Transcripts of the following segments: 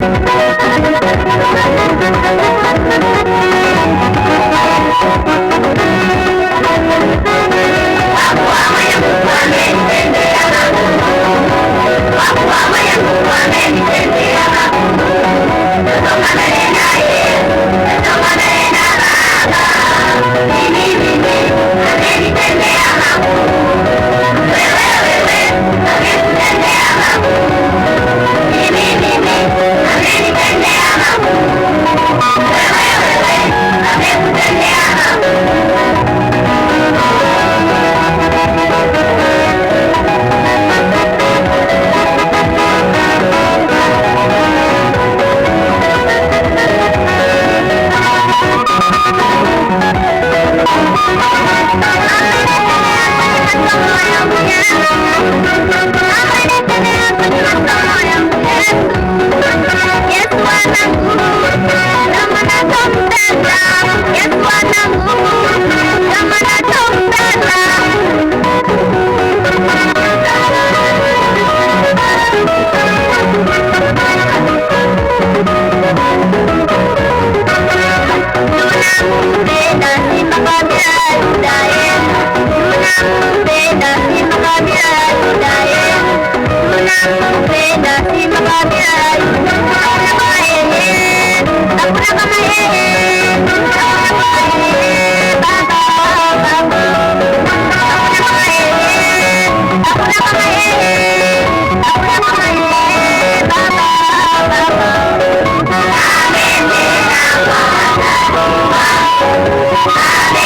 you. Música Mommy!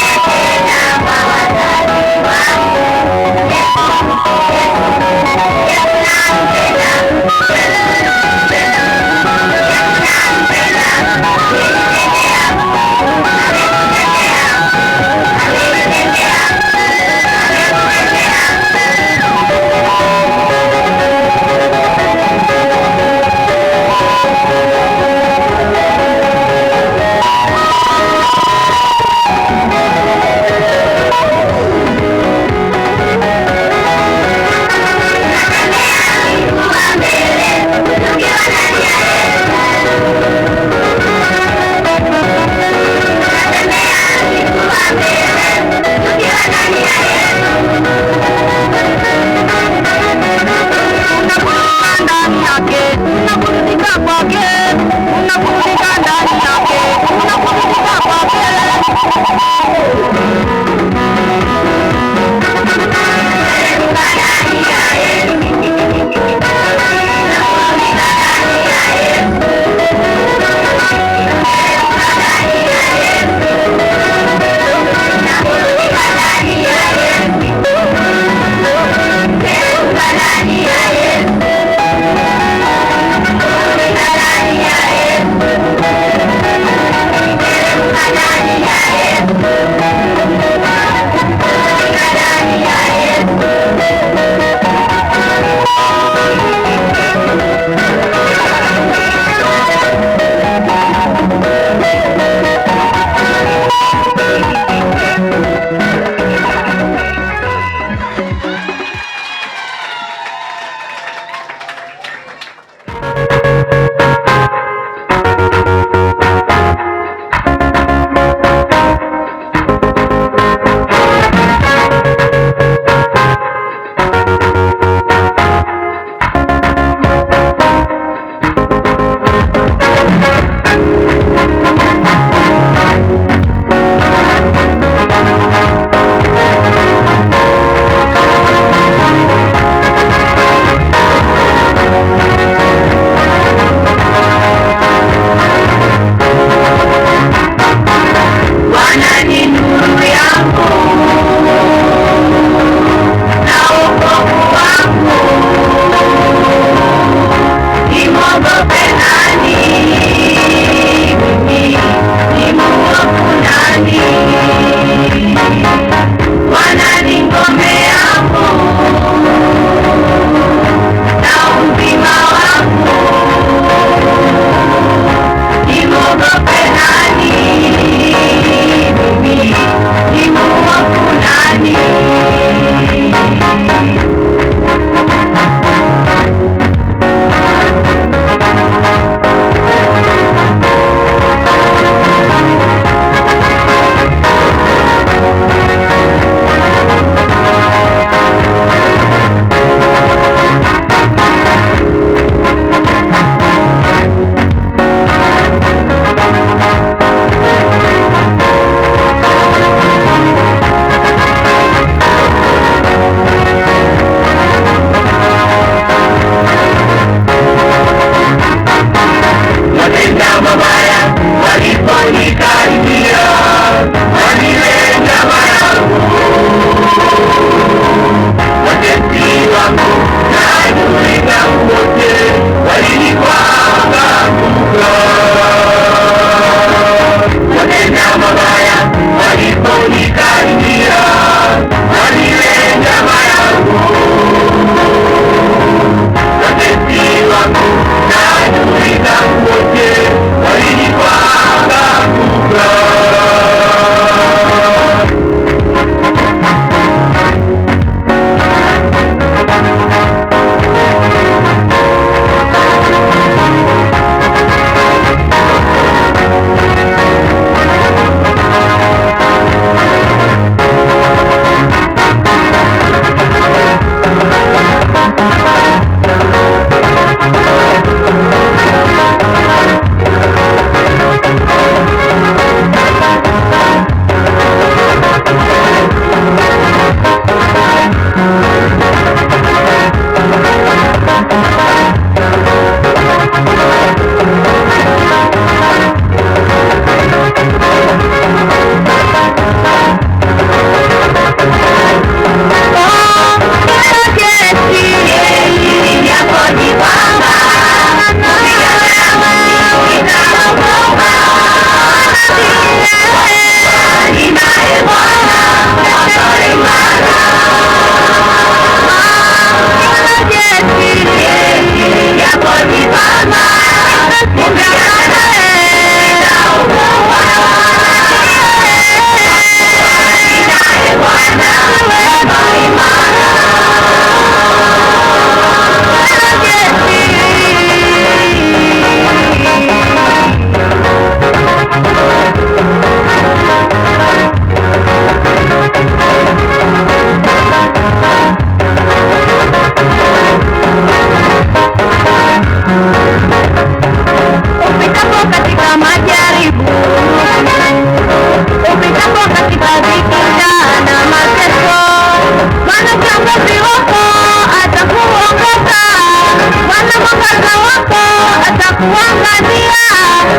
Bwana wako atakuangalia.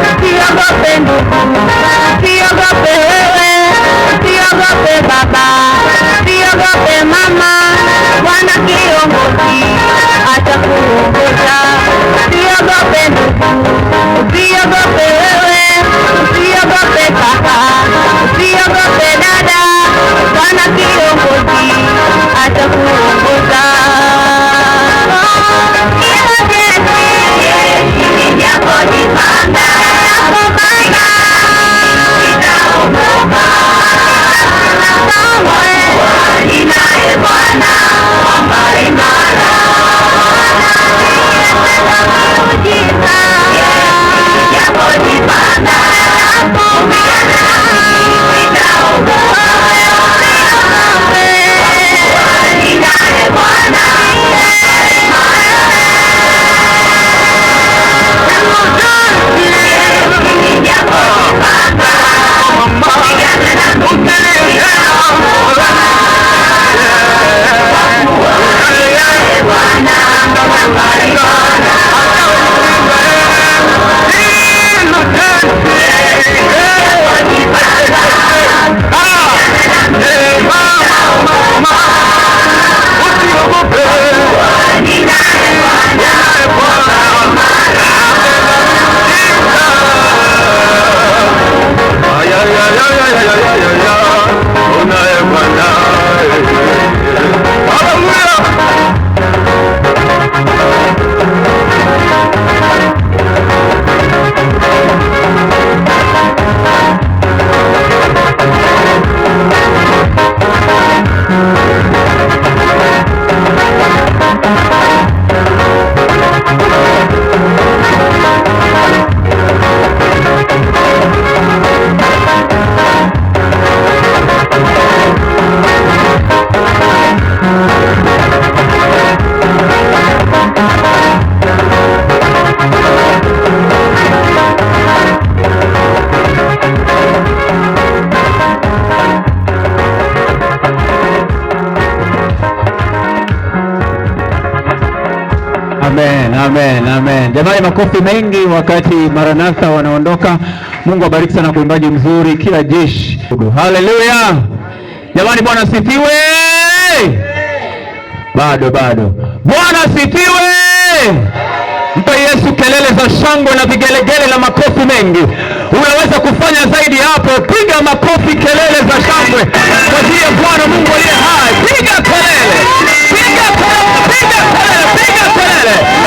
Usiogope ndugu, usiogope wewe, usiogope baba, usiogope mama, Bwana kiongozi Amen, amen, amen. Jamani, makofi mengi wakati Maranatha wanaondoka. Mungu abariki sana kuimbaji mzuri kila jeshi. Haleluya! Jamani, Bwana sifiwe. Bado bado, Bwana sifiwe. Mpe Yesu kelele za shangwe na vigelegele na makofi mengi. Unaweza kufanya zaidi hapo, piga makofi, kelele za shangwe kwa ajili ya Bwana Mungu aliye hai. Piga kelele, piga kelele, piga kelele, piga kelele. ಮೇಲೆ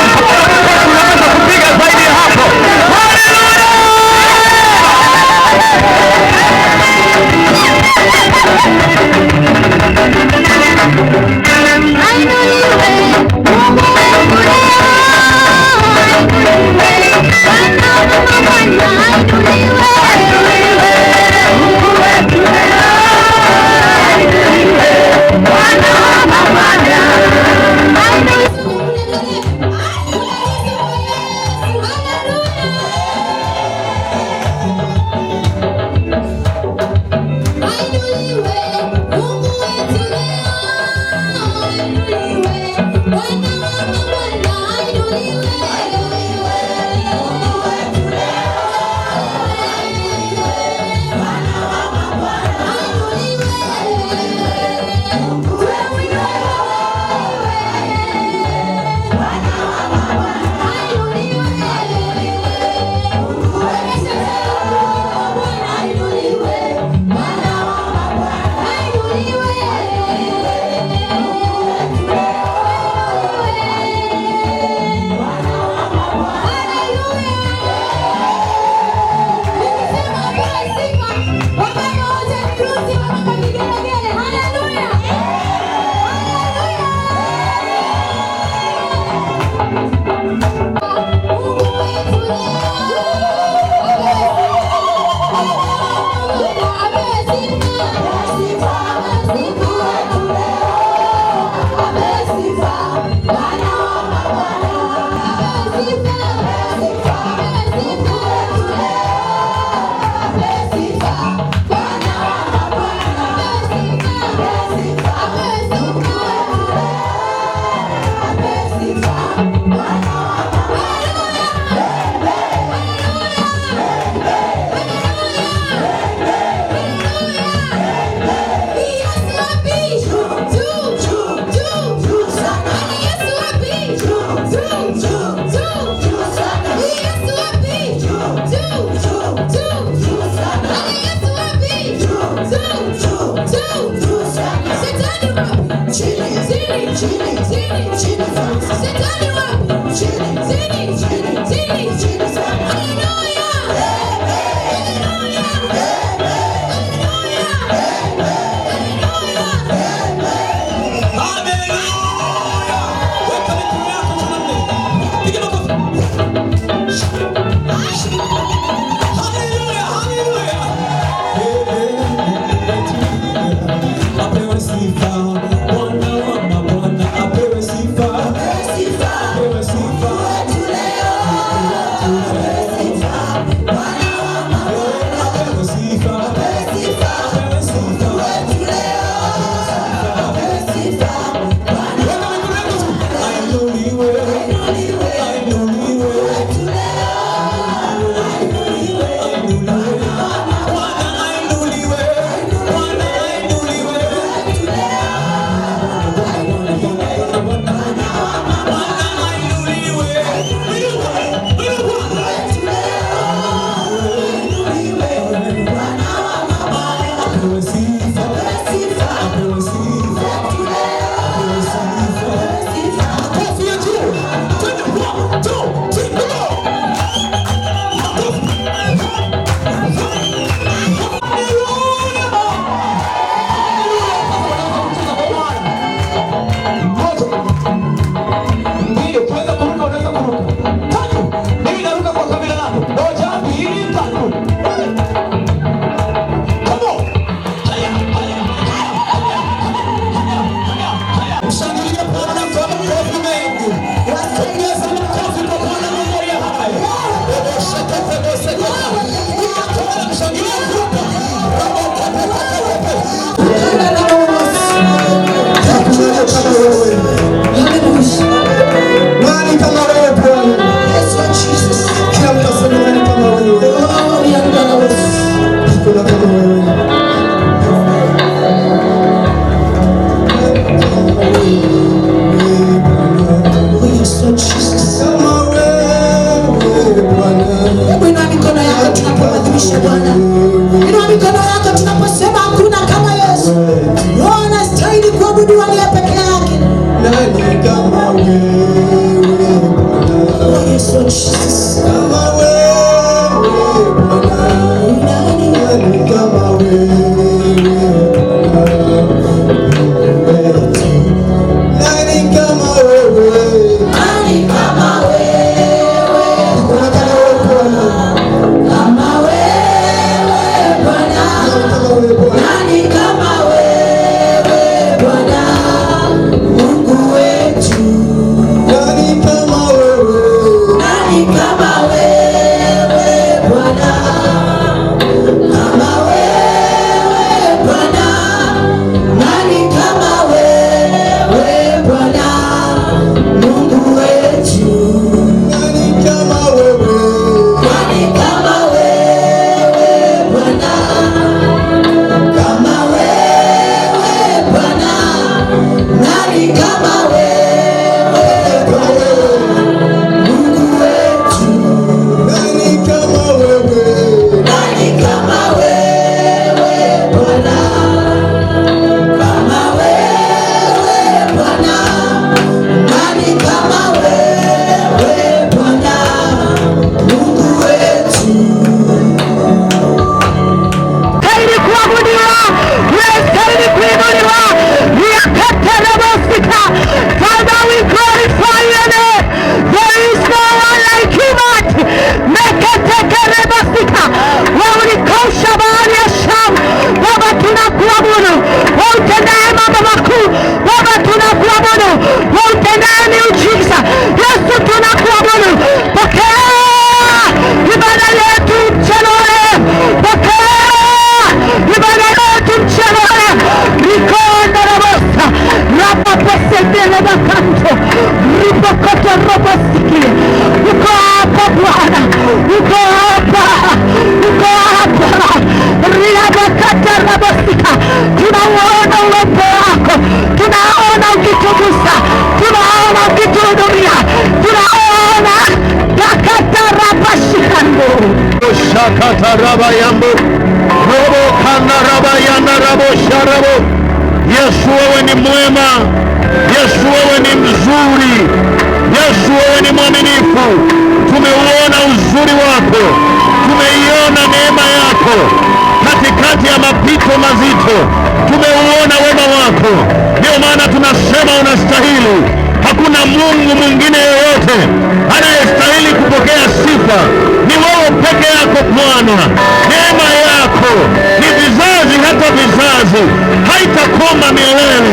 on my way. wewe ni mwaminifu. Tumeuona uzuri wako, tumeiona neema yako katikati ya mapito mazito, tumeuona wema wako. Ndiyo maana tunasema unastahili. Hakuna Mungu mwingine yoyote anayestahili kupokea sifa, ni wewe peke yako Bwana. Neema yako ni hata vizazi, haitakoma milele.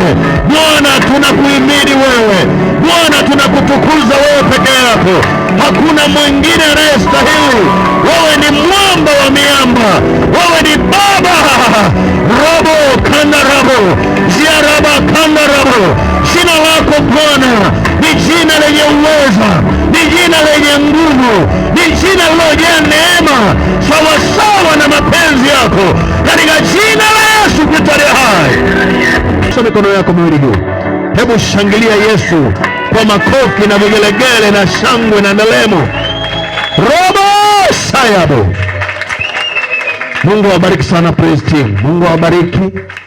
Bwana tunakuhimidi wewe, Bwana tunakutukuza wewe peke yako, hakuna mwingine anayestahili. Wewe ni mwamba wa miamba, wewe ni Baba rabo kanda rabo ziaraba kanda rabo. Jina lako Bwana ni jina lenye uweza, ni jina lenye nguvu, ni jina lilojaa neema sawasawa mapenzi yako katika jina la Yesu kitale hai. Sasa mikono yako miwili juu, hebu shangilia Yesu kwa makofi na vigelegele na shangwe na ndelemo. robo sayabo Mungu awabariki sana praise team. Mungu awabariki.